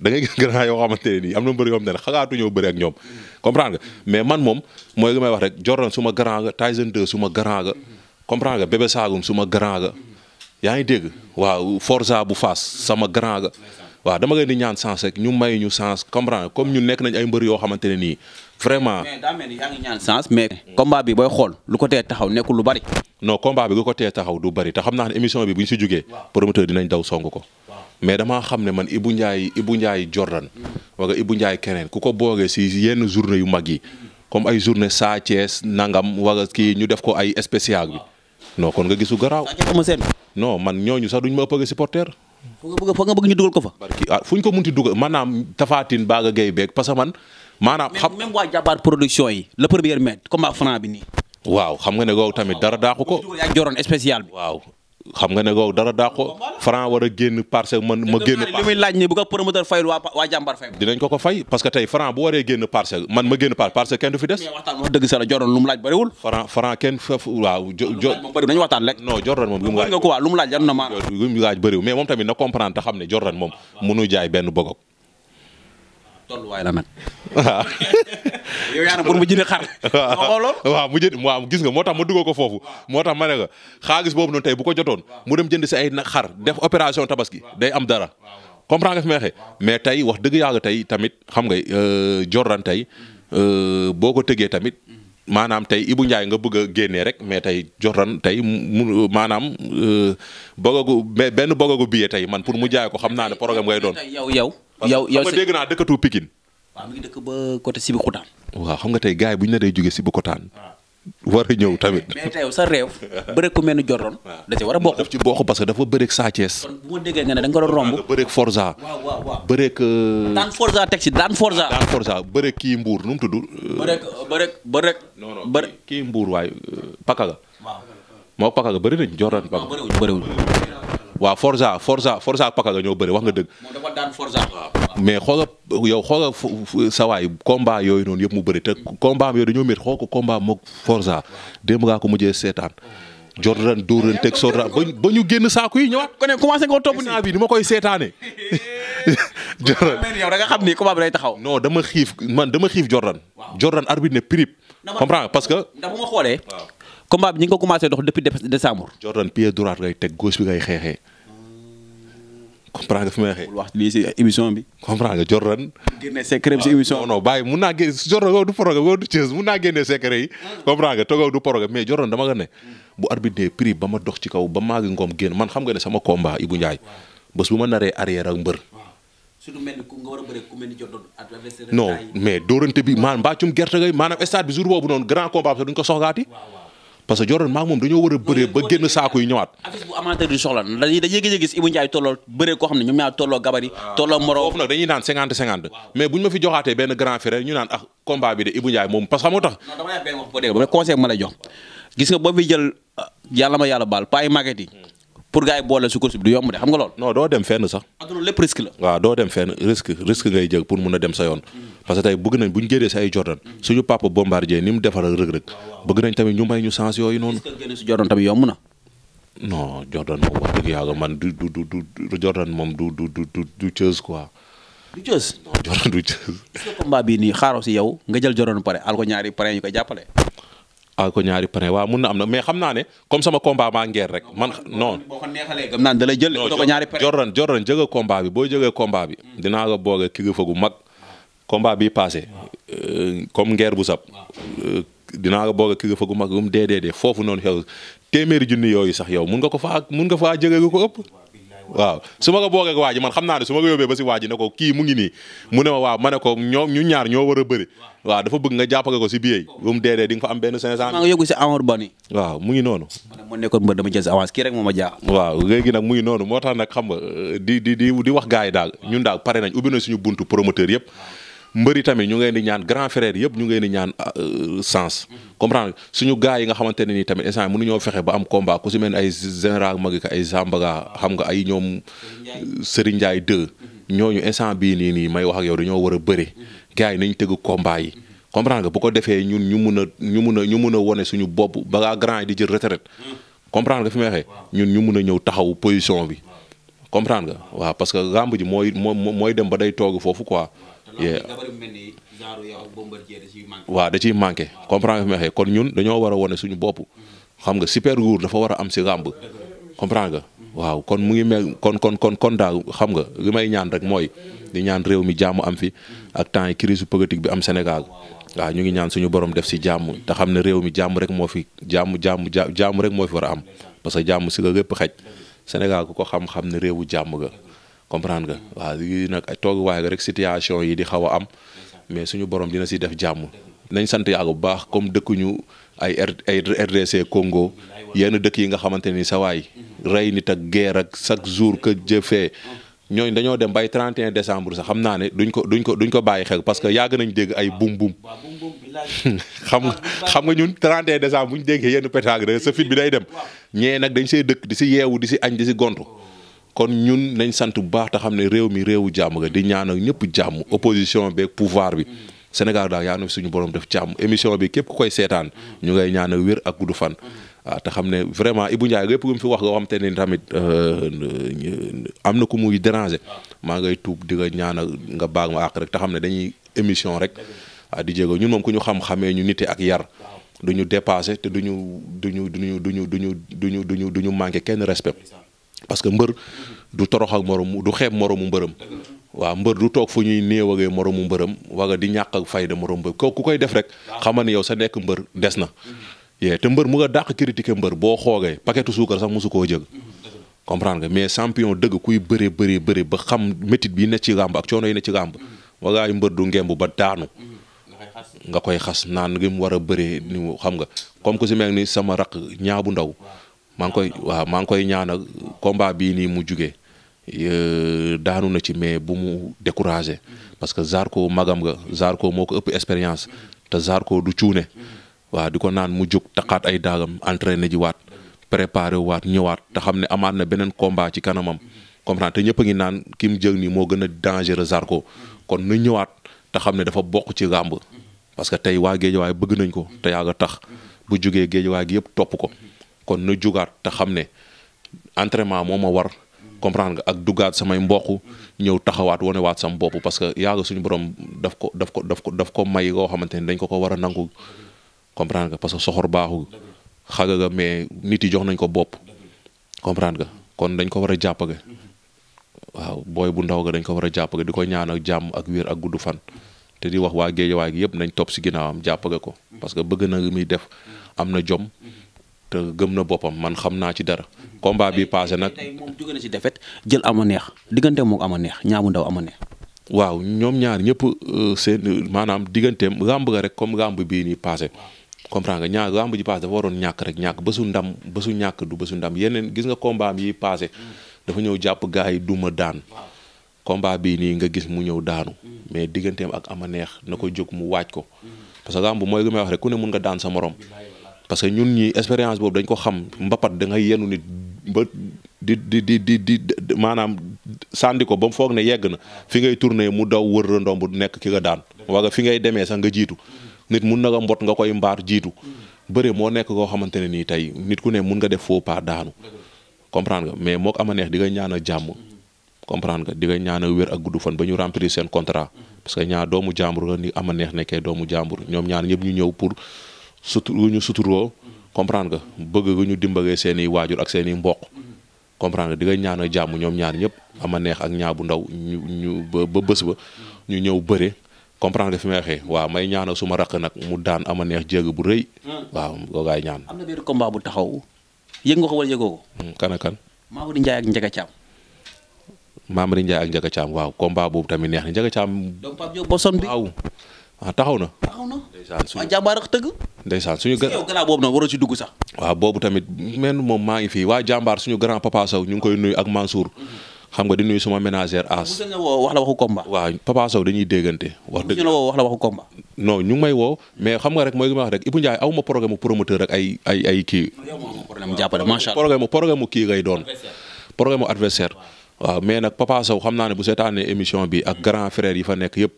da ngay gis grand yoo xamante ne nii am na mbër yoo xamante ne xagaatu ñoo bëri ak ñoom comprendre nga mais man moom mooy li may wax rek Jordan suma grand nga Tyson 2 suma grand nga comprendre nga Bébé Saloum suma grand nga yaa ngi dégg waaw Forza bu fas sama grand nga waaw dama leen di ñaan sens rek ñu may ñu sens comprendre comme ñu nekk nañ ay mbër yoo xamante ne nii vraiment. mais daa mel ni yaa bi booy xool lu ko tee taxaw nekkul lu bari. non combat bi lu ko tee taxaw du bari te xam naa ne émission bi bu si jugee. promoteur dinañ daw song ko. mais damaa xam ne man Ibou Ndiaye Ibou Ndiaye Jordan wala Ibou Ndiaye keneen ku ko boogee si yenn journée yu mag yi comme ay journée Sa Thiès nangam wala kii ñu def ko ay spécial bi non kon nga gisu garaaw. non man ñooñu sax duñ ma ëppale supporter. foo nga bëgg foo bëgg ñu dugal ko fa. ah fu ñu ko munti dugal maanaam tafaatin baaga gay beeg parce que man. maanaam xam même waa jabaar yi le premier mètre comme franc bi nii. waaw xam nga ne googu tamit dara daaxu ko. yaa joroon spécial bi waaw. xam nga ne kooku dara daa ko Franc war a génn parcelle man ma génn. li muy dinañ ko ko fay Franc bu waree génn parcelle ma génn parcelle parce que du fi des. mais waxtaan wax dëgg laaj bëriwul. Franc Franc kenn foofu waaw jo jo. moom bëriwul nañu waxtaan rek. non tamit na comprendre te xam ne Jordan moom mënu jaay benn bogog tolluwaay la mel. waaw. (laughs) yow yaa mu jënd xar. (laughs) waaw mu jënd waaw gis nga moo tax ma duggoo ko foofu. moo tax ma ne nga xaalis boobu noonu tey bu ko jotoon mu dem jënd si ay xar def opération tabaski day am dara. comprend nga fi may mais tey wax dëgg yàlla tey tamit xam nga euh, Jordan tey mm. euh, boo ko tëggee tamit. Mm. maanaam tey bu Ndiaye nga bëgg a rek mais tey Jordan tey mu maanaam euh, bëggagu benn bëggagu billet tey man pour mu jaay ko xam naa ne programme ngay doon. yow yow yow yow parce que dégg naa dëkkatu Pikine. waaw mi ngi dëkk ba côté Sébikotane. waa xam nga tey gars bu ñu la day jógee Sébikotane. Ah. war a ñëw tamit. mais tey sa réew. (laughs) bëreeg ku mel ni Jordan. Ah. war a bokk daf ci que dafa bëreeg Sa Thiès. kon bu ne da nga ko doon romb. bëreeg Forza. waaw waaw waaw bëreeg. Euh, daan Forza teg ci kii mbuur nu mu tudd. bëreeg euh, bëreeg bëreeg. non non bëreeg kii Mbour waaye euh, Pakaga. waaw moo Pakaga bëri nañ Jordan Pakaga. bëriwul waaw Forza Forza Forza ak Paka nga ñoo bëri wax nga dëgg. mais xoola yow xoola sa waay combat yooyu noonu yëpp mu bëri te combat am yooyu dañoo métti xool ko combat moog Forza démb ngaa ko mujjee seetaan. Jordan Dóorén teg Sodra ba ñu génn saako yi ñëwaat. kon commencé nga ko topp ni bi ni ma koy seetaanee. (laughs) Jordan nga xam ni combat day taxaw. non dama xiif man dama xiif Jordan. Jordan arbitre ne prip. comprends parce que. ndax bu ma combat bi ñi ngi ko commencé dox depuis décembre. Jordan pied nga fi may waxee. wax lii si émission bi. comprendre nga Jordan. génne secret bi si émission ah, non non mun naa génne Jordan wow du poroga wow du Thiès mun mais Jordan dama nga ma dox ci kaw ba maa ngi ngoom génn man xam nga ne sama combat Ibou Ndiaye. bés bu ma naree arrière ak mbër. surtout a bëree ku mel ni mais dóorante bi maanaam mbàccum gerte gay maanaam stade bi jour boobu noonu grand combat bi sax parce que Jordan maa moom dañoo war a bëree ba génn saako yi ñëwaat. affiche bu amateur a gis Ibou Ndiaye tolloo bëree koo xam ne ñoom gabari. tolloo ah, moro foofu nag dañuy naan cinquante mais bu ñu ma fi joxaatee benn grand frère ñu naan ah combat bi de Ibou Ndiaye moom parce que moo tax. non dama conseil ma lay jox gis nga boo fi jël ah, yàlla ma yàlla baal paa yi màgget pour gars yi boole si course bi du yomb de xam nga lool. non doo dem fenn sax. ak loolu lépp risque la. waaw doo dem fenn risque ngay jël pour mun a dem sa yoon. Mm. parce que tey bëgg nañ bu ñu ay Jordan. Mm. suñu papa Bombardier ni mu defar ak Reug Reug bëgg nañ tamit ñu may ñu sens yooyu noonu. est-ce que génne si Jordan tamit yomb na. non Jordan moom yàlla man du du du du Jordan moom du du du du du Cees quoi. du Cees. non Jordan du Cees. nii xaaroo si yow nga jël Jordan pare al ko ñaari pare ñu koy jàppale. a ko ñaari pare waaw mun na am na mais xam naa ne comme sama combat maa ngeer rek man non. boo ko neexalee gëm naa da lay ko ñaari pare. Jordan Jordan jëga combat bi boo jëgee combat bi. dinaa ko boole kii fa gu mag. combat bii paase. Euh, comme ngeer bu sab euh, dinaa ko boole kii fa mag bu mu dee dee dee foofu noonu xew téeméeri junni yooyu sax yow mun nga ko faa mun nga faa jëgee ko ëpp. waaw su ma ko boogeeg waa ji man xam naa ne su ma ko yóbbee ba si waa ji ne ko kii mu ngi nii mu ne ma waaw ma ne ko ñoom ñu ñaar ñoo war a bëri waaw dafa bëgg nga jàppale ko si billet yi ba mu di fa am benn 500. maa ngi yóbbu si Amar Ba nii. waaw mu ngi noonu. man ma nekkoon mbër dama jël si avance kii rek moo ma jaax. waaw léegi nag mu ngi noonu moo tax nag xam nga di di di di wax gars yi daal ñun daal pare nañ ubbi na suñu buntu promoteur yëpp mbëri tamit ñu ngeen di ñaan grand frère yëpp ñu ngeen di ñaan ah, euh, sens. comprendre suñu gars yi nga xamante ne nii tamit instant mënu ñoo fexe ba am combat ku si mel ay général ay Zambaga xam nga ay ñoom. Serigne Ndiaye 2. ñooñu instant bii nii nii may wax ak yow dañoo war a bëri. gars yi nañ tëgg combat yi. comprendre nga bu ko defee ñun ñu mun a ñu mun a ñu mun a wone suñu bopp ba ngaa di jël retraite comprendre nga fi may waxee ñun ñu mun a ñëw taxaw position bi comprendre nga waaw parce que làmb ji mooy mooy dem ba day toog foofu quoi waaw da ciy manqué comprendre nga fi kon ñun dañoo war a wane suñu bopp mm-hmm. xam nga super gour dafa war a am si làmb comprendre nga mm-hmm. waaw kon mu ngi mel kon kon kon kon daal xam nga li may ñaan rek mooy mm-hmm. di ñaan réew mi jàmm am fi ak temps yi crise politique bi am Sénégal waaw ñu ngi ñaan suñu borom def si jàmm te xam ne réew mi jàmm rek moo fi jàmm jàmm jàmm rek moo fi war a am parce que jàmm si nga lépp xaj Sénégal ku ko xam-xam ne réewu jàmm ga comprendre nga waaw yi nag toog waaye rek situation yi di xaw a am mais suñu borom dina si def jàmm nañ sant yàlla bu baax comme dëkkuñu ay ay RDC Congo yenn dëkk yi nga xamante ni sa waay rey nit ak guerre ak chaque jour que jëfee ñooñu dañoo dem bay 31 décembre sax xam naa ne duñ ko duñ ko duñ ko bàyyi xel parce que yàgg nañ dégg ay bum bum (laughs) xam nga xam nga ñun 31 décembre bu ñu déggee yenn pétard sa fit bi day dem ñee nag dañ see dëkk di si yeewu di si añ di si gontu. kon ñun nañ sant bu baax te xam ne réew mi réewu jàmm ga di ñaanal ñëpp jàmm opposition beeg pouvoir bi. Sénégal daal yaa na suñu borom def jàmm émission bi képp koy seetaan ñu ngay ñaanal wér ak gudd fan. waaw te xam ne vraiment Ibou Ndiaye lépp lu mu wax nga xam te tamit euh, euh, am na ku muy déranger maa ngay tuub di nga ñaanal nga baag ma àq rek te xam ne dañuy émission rek waaw di jéego ñun moom ku ñu xam-xamee ñu nite ak yar duñu dépassé te duñu duñu duñu duñu duñu duñu duñu duñu manqué kenn respect. parce que mbër du torox ak morom du xeeb moromu mbërëm waa mbër du toog fu ñuy néewagee moromu mbërëm waga di ñàkk ak fayda morom mbër ko ku koy def rek xamal ne yow sa nekk mbër des na yee te mbër mu nga dàq critiquer mbër boo xoogee paquetu suukar sax mosu koo jëg comprendre nga mais champion dëgg kuy bëree bëree bëri ba xam métit bi ne ci gàmb ak coono yi ne ci gàmb wagaay mbër du ngemb ba daanu nga koy xas naan gi mu war a bëree ni xam nga comme que si mel ni sama raq ñaabu ndaw maa ngi koy waaw maa ngi koy ñaanal combat bii nii mu jugee daanu na ci mais bu mu découragé parce que Zarko magam nga Zarko moo ko ëpp expérience te Zarko du cuune waaw di ko naan mu jóg taqaat ay daagam na ji waat préparé waat ñëwaat te xam ne amaan na beneen combat ci kanamam comprendre te ñëpp a ngi naan ki mu jëg nii moo gën a dangereux Zarko kon nu ñëwaat te xam ne dafa bokk ci làmb parce que tey waa géejawaay bëgg nañ ko te yàgg tax bu jógee géejawaay gi yëpp topp ko kon na jugaat te xam ne entraînement moo ma war comprendre nga ak dugaat samay mboq ñëw taxawaat wanewaat sam bopp parce que yàgg suñu borom daf ko daf ko daf ko daf ko may koo xamante ne dañ ko ko war a nangu comprendre parce que soxor baaxul xaga nga mais nit yi jox nañ ko bopp comprendre nga kon dañ ko war a jàppale waaw booy bu ndaw ga dañ ko war a jàppale di koy ñaan ak jàmm ak wér ak gudd fan te di wax waa géejawaay gi yëpp nañ topp si ginnaawam jàppale ko parce que bëgg na li def am na jom. te gëm na boppam man xam naa ci dara. combat bi passé nag tey moom ci defet jël ama neex diggante moom ama neex ñaamu ndaw ama neex. waaw ñoom ñaar ñëpp euh, seen maanaam digganteem ràmb la rek comme ràmb bii nii passé. comprends nga ñaar ràmb ji passé dafa waroon ñàkk rek ñàkk bésu ndam bésu ñàkk du bésu ndam yeneen gis nga combat yi passé. dafa ñëw jàpp gars yi duma daan. combat bii nii nga gis mu ñëw daanu. mais digganteem ak ama neex na ko jóg mu waaj ko. parce que ràmb mooy li may wax rek ku ne mun nga daan sa morom. parce que ñun ñi expérience boobu dañ ko xam mbapat da ngay yenu nit ba di di di di di maanaam sànni ko ba mu foog ne yegg na fi ngay tourné mu daw wër la ndomb nekk ki nga daan waaga fi ngay demee sax nga jiitu nit mun na nga mbot nga koy mbaar jiitu bëre moo nekk koo xamante ne nii tey nit ku ne mun nga def faux pas daanu comprendre nga mais moo ama neex di nga ñaan jàmm comprendre nga di nga ñaan a wér ak gudd fan ba ñu remplir seen contrat parce que ñaar doomu jàmbur la ni ama doomu jàmbur ñoom ñaar ñëpp ñu ñëw pour sutur gu ñu suturoo comprendre nga bëgg gu ñu dimbalee seeni waajur ak seen i mbokk comprendre nga di nga ñaanal jàmm ñoom ñaan ñëpp ama neex ak ñaa bu ndaw ñu ñu ba bés ba ñu ñëw bëre comprendre nga fi may waxee waaw may ñaanal suma raq nag mu daan ama neex jégg bu rëy. Hmm. waaw googaay ñaan. am bu taxaw yëg nga ko wala yëgoo ko. Hmm, kan ak kan. Mamadou Ndiaye ak Ndiaga Thiam. Mamadou Ndiaye ak Ndiaga Thiam waaw combat boobu tamit neex na Ndiaga Thiam. donc Pape Diop boson bi ah taxaw na. taxaw na waaw jàmbaar ak tëgg. ndeysaan suñu gën yow gannaaw boobu nag waroo ci dugg sax. waaw boobu tamit men moom maa ngi fii waa jàmbaar suñu grand papa Sow ñu ngi koy nuyu ak Mansour. xam nga di nuyu suma ménagère As. mu woo wax la waxu combat. waaw papa déggante. wax dëgg la woo wax la waxu combat. non ñu may woo mais xam nga rek mooy li ma wax rek Ibou Ndiaye aw ma programme promoteur ak ay ay ay kii. programme jàppale macha allah programme programme kii ngay doon. programme adversaire waaw mais nag papa Sow xam naa ne bu seeta seetaanee émission bi ak grand frère yi fa nekk yëpp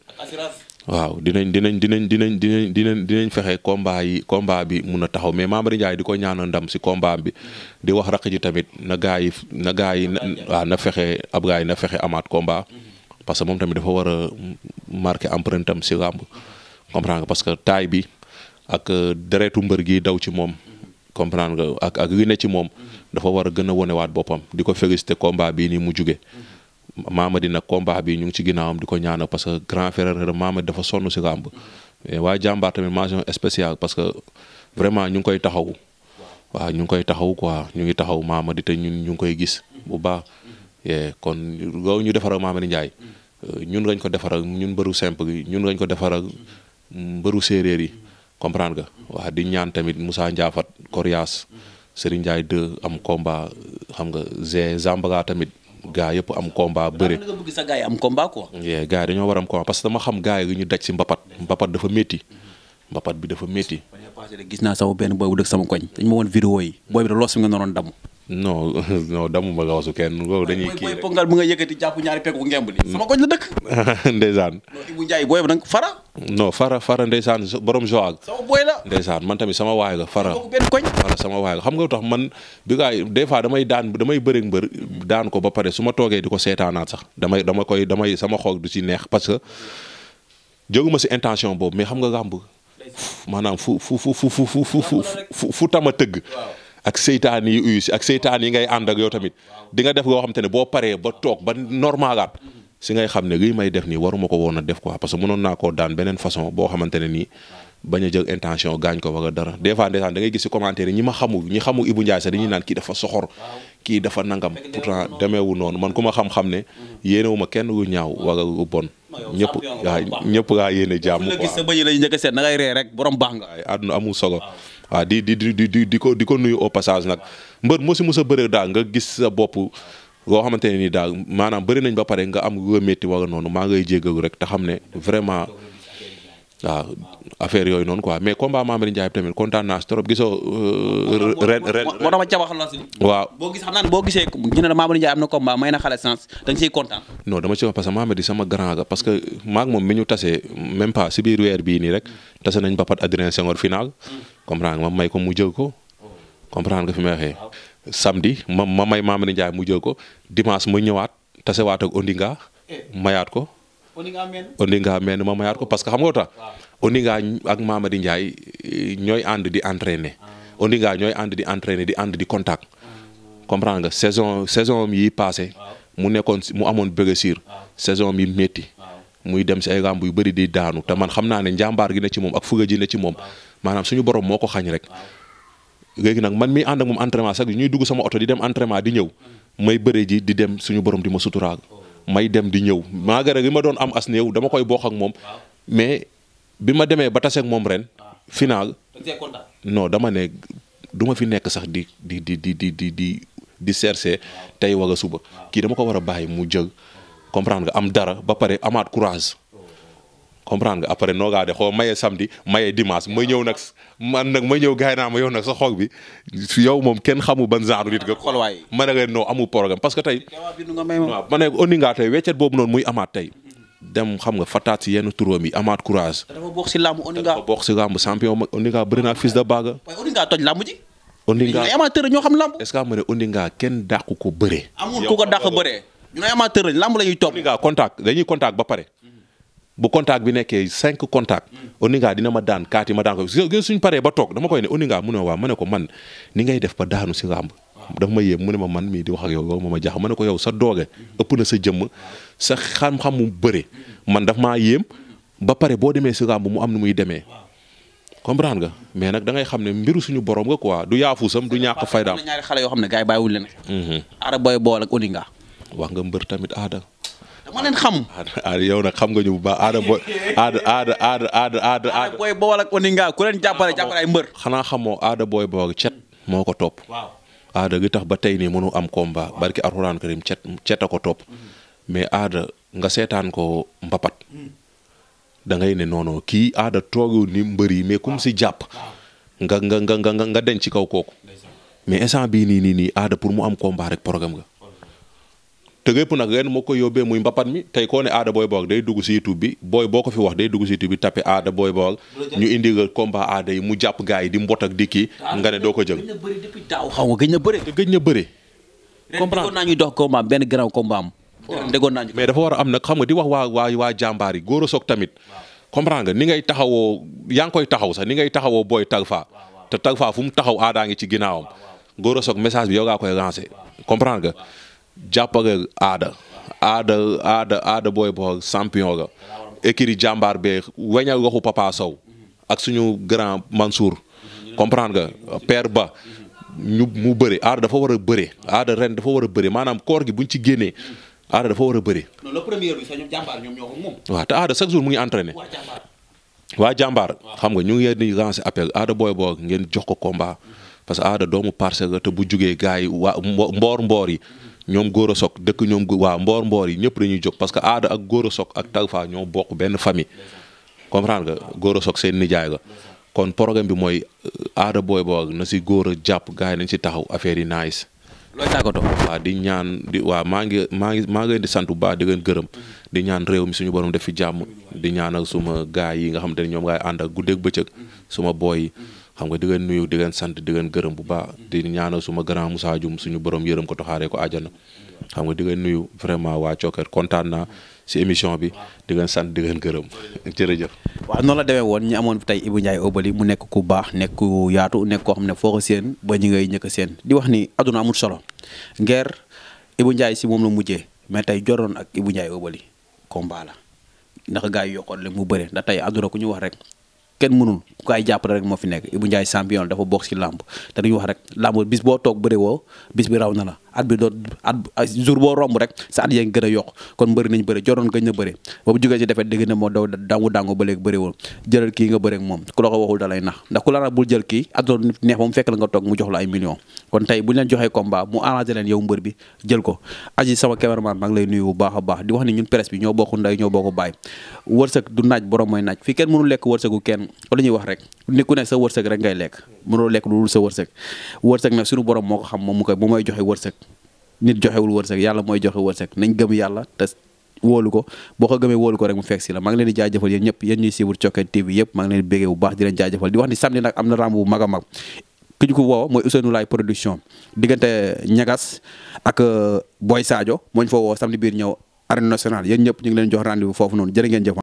waaw dinañ dinañ dinañ dinañ dinañ dinañ dinañ fexe combat yi combat bi mun a taxaw mais Mamady Ndiaye di ko ñaanal ndam si combat bi di wax rakk ji tamit na gaa yi na gaa na fexe ab gaa yi na fexe amaat combat parce que moom tamit dafa war a marqué empreinte am si làmb comprendre nga parce que taay bi ak euh, deretu mbër gi daw ci moom comprend nga ak ak li ne ci moom dafa war a gën a wonewaat boppam di ko félicité combat bii nii mu jugee Mamadi nag combat bi ñu ngi ci ginnaawam di ko ñaanal parce que grand frère a Mamadi dafa sonn si làmb waaye jàmbaar tamit mention spéciale parce que vraiment ñu ngi koy taxawu waaw ñu ngi koy taxaw quoi ñu ngi taxaw Mamadi te ñun ñu ngi koy gis bu baax kon loolu ñu defaral Mamadi Ndiaye euh, ñun lañ ko defaral ñun mbëru simple yi ñun lañ ko defaral mbëru séeréer yi comprendre nga waaw di ñaan tamit Moussa Ndiafat Coriace Serigne Ndiaye 2 am combat xam nga Zé Zambala tamit gaa yëpp am combat bëre. nga bëgg gaa yee gaa yi dañoo war am xam gaa yi ñu daj si mbapat mbapat dafa métti mbapat bi dafa métti. gis naa sama benn booy bu dëkk sama koñ da loos bi nga (laughs) dañuy. kii sama koñ la dëkk. (laughs) ndeysaan. Ibu Ndiaye booy fara. non fara fara ndeysaan borom Joal. sama boy la ndeysaan man tamit sama waay la fara. benn koñ fara sama waay la xam nga tax man bi gaay des fois damay daan damay bëri mbër daan ko ba pare su ma toogee di ko seetaanaat sax damay dama koy damay sama xoog du si neex parce que jóguma si intention boobu mais xam nga làmb maanaam fu fu fu fu fu fu fu fu tama tëgg. ak seytaan yi uyu ak seytaan yi ngay ànd ak yow tamit di nga def loo xam te ne boo paree ba toog ba normalaat. si ngay xam ne lii may def nii waruma ko woon a def ko parce que mënoon naa ko daan beneen façon boo xamante ne nii bañ a jël intention gaañ ko wala dara des fois ndeysaan da ngay gis si commentaire yi ñi ma xamul ñi xamul Ibou Ndiaye sax dañuy naan dafa soxor kii dafa nangam pourtant man ku ma xam-xam ne yéenewu ma kenn lu ñaaw wala bon ñëpp ñëpp laa yéene jàmm quoi gis sa bëñ la njëkk a seet da ngay ree rek borom baax nga àdduna amul solo waaw di di di di ko di ko nuyu au passage nag mbër moo si mos a bëree daal nga gis sa bopp loo xamante ne ni daal maanaam bëri nañ ba pare nga am lu métti wala noonu maa ngay jéggalu rek te xam ne vraiment waaw affaire yooyu noonu ko mais combat Mamady Ndiaye tamit kontaan naa si trop euh, la si. waaw boo gis boo ne la Mamady Ndiaye am na combat may na xale sens da nga siy kontaan. non dama ci wax parce que Mamady sama grand ga parce que maak moom mi ñu tasee même pas si biir bii nii rek tase nañ ba pat Adrien Senghor final. Mm. may ko mu jël ko. Oh. comprendre nga fi may waxee. samdi ma ma may Mamadou Ndiaye mu jël ko dimanche ma ñëwaat tasewaat ak Ondinga eh. mayaat ko. Ondinga meen ma mayaat ko parce que xam nga tax Ondinga ak Mamadou Ndiaye eh, ñooy ànd di entraîner. Ah. Ondinga ñooy ànd di entraîner di ànd di contact. Ah. comprendre nga saison saison yi passé mu nekkoon mu amoon blessure saison mi métti muy dem si ay gàmb yu bari di daanu te man xam naa ne njàmbaar gi ne ci moom ak fuga ji ne ci moom maanaam suñu borom moo ko xañ rek léegi nang man mi ànd ak moom entraînement sax ñuy dugg sama oto di dem entraînement di ñëw may bëre ji di dem suñu borom di ma suturaal may dem di ma malgré gi ma doon am as dama koy bokk ak mom, mais bi ma demee ba taseeg moom ren final non dama ne du ma fi nekk sax di di di di di di di di serse, tey waga suba ki dama ko wara bahai mu jël comprendre nga am dara ba amat kuraz. courage comprendre nga après noogaa de xoo maye samedi maye dimanche ma ñëw nag man nag ma ñëw gaay naa ma yow nag sa xoog bi yow moom kenn xamu ban nga tey weccet boobu noonu muy amaat tey dem xam nga fataat si yenn turam yi amaat courage dafa bokk si làmb Oninga naa fils de Baga waaye Oninga toj làmb ji Oninga ay amateur ñoo xam làmb est-ce que xam ne Oninga kenn dàqu ko bëree amul ku ko dàq bëree ñu ay amateur lañ làmb la ñuy topp Oninga contact bu contact bi nekkee cinq contact mm. Oninga dina ma daan kaati ma daan ko suñ paree ba toog dama koy ne Oninga mu ne waaw ma ne ko man ni ngay def ba daanu si làmb dafa ma yéem mu ne ma man mii di wax ak yow loolu ma ma jaax ma ne ko yow sa dooge ëpp na sa jëmm sa xam-xam mu bëre mm. man daf ma yéem ba pare boo demee si làmb mu am na muy demee comprendre nga mais nag da ngay xam ne mbiru suñu borom nga quoi du yaafuusam du ñàkk faydaam ñaari xale yoo xam ne gars yi bàyyiwul leen. Mhm. Ada Boy Baol ak Oninga. wax nga mbër tamit aada dama leen xam. aada yow nag xam nga ñu ada baax ada ada ada aada aada aada aada. aada booy bool ak oninga ku leen jàppale jàppale ay mbër. xanaa xamoo aada booy bool cet moo ko topp. waaw aada gi tax ba tey nii mënu am combat barki alxuraan karim cet cet a ko topp. Mm-hmm. mais aada nga seetaan ko mbapat. Mm. da ngay ne noonu kii aada toogul ni mbër mais comme si jàpp. nga nga nga nga nga denc ci kaw kooku. mais instant pour mu am combat rek programme te lépp nag ren moo ko yóbbee muy mbapat mi tey koo ne aada booy bool day dugg si YouTube bi booy boo ko fi wax day dugg si YouTube bi tapé aada booy bool ñu indi la combat aada yi mu jàpp yi di mbot ak di kii nga doo ko jël xaw nga gëj na bëre te gëj na bëre comprendre naa ñuy dox combat benn grand combat am déggoon naa ñu mais dafa war a am na xam nga di wax waa waa waa jàmbaar yi góor a soog tamit comprendre nga ni ngay taxawoo yaa ngi koy taxaw sax ni ngay taxawoo booy Talfa te Talfa fu mu taxaw aadaa ngi ci ginnaawam góor a soog message bi yow ngaa koy lancé comprendre nga jàppale aada aada aada aada booy bool champion la écrit jàmbaar bee weñal waxu Papa Sow ak suñu grand Mansour comprendre nga per ba ñu mu bëri aada dafa war a bëri aada ren dafa war a bëri maanaam koor gi buñ ci génnee aada dafa war a bëri. non le premier te aada chaque jour mu ngi entraîné. waa jàmbaar xam nga ñu ngi leen di lancer appel aada booy boog ngeen jox ko combat parce que aada doomu parcelle la te bu jugee gars yi waa mboor mboor yi. ñoom góor a sok dëkk ñoom waa mboor mboor yi ñëpp dañuy jóg parce que aada ak góor a sok ak tagfa ñoo bokk benn famille comprendre nga góor a sok seen nijaay ga kon programme bi mooy euh, aada booy boo na si góor a jàpp gars yi nañ si taxaw affaire yi nice looy tàggatoo waaw di ñaan di waaw maa ngi maa ngi maa ngi leen di sant bu di leen gërëm di ñaan réew mi suñu borom def fi jàmm di ñaan suma gaay yi nga xam te ne ñoom ngay ànd ak guddeeg bëccëg suma booy yi xam nga di ngeen nuyu di ngeen sant di ngeen gërëm bu baax di ñaanal suma grand Moussa Dioum suñu borom yërëm ko taxaaree ko àjjana xam nga di ngeen nuyu vraiment waa Thioker kontaan naa si émission bi di ngeen sant di ngeen gërëm (laughs) jërëjëf. waa noonu la demee woon ñi amoon tey Ibou Ndiaye Obali mu nekk ku baax nekk yaatu nekk koo xam ne foo ko seen ba ñi ngay ñëkk seen di wax ni àdduna amul solo ngeer Ibou Ndiaye si moom la mujjee mais tey joroon ak Ibou Ndiaye Obali combat la ndax gars yokkoon le mu bëre ndax tey àdduna ku ñu wax rek kenn mënul ku ay jàppale rek moo fi nekk Ibou Ndiaye champion dafa bokk ci làmb te dañuy wax rek làmb bis boo toog bëri woo bis bi raw na la at bi doo at jour boo romb rek sa at yaa gën a yokk kon mbëri nañ bëri joroon gëj na bëri ba bu jógee ci defet dégg ne moo daw dangu dangu ba léegi jëlal kii nga bëri moom ku la waxul da nax ndax ku la na bul jël kii adduna neex moom fekk la nga toog mu jox la ay millions kon tey bu leen joxee combat mu arrangé leen yow mbër bi jël ko aji sama cameraman maa ngi lay nuyu bu baax a baax di wax ni ñun presse bi ñoo bokku nday ñoo bokku baay wërsëg nit ku ne sa wërsëg rek ngay lekk mënoo lekk lu dul sa wërsëg wërsëg nag suñu borom moo ko xam moom mu koy mu mooy joxe wërsëg nit joxe joxewul wërsëg yàlla mooy joxe wërsëg nañ gëm yàlla te wóolu ko boo ko gëmee wóolu ko rek mu fekk si la mag ngi leen di jaajëfal yéen ñëpp yéen ñuy siiwul Cokkeen TV yëpp maa ngi leen di bégee a mag ki ko woo euh, moo ñu fa woo samedi biir ñëw arène nationale yéen ñëpp ñu ngi leen jox rendez-vous foofu noonu jërë ngeen jëf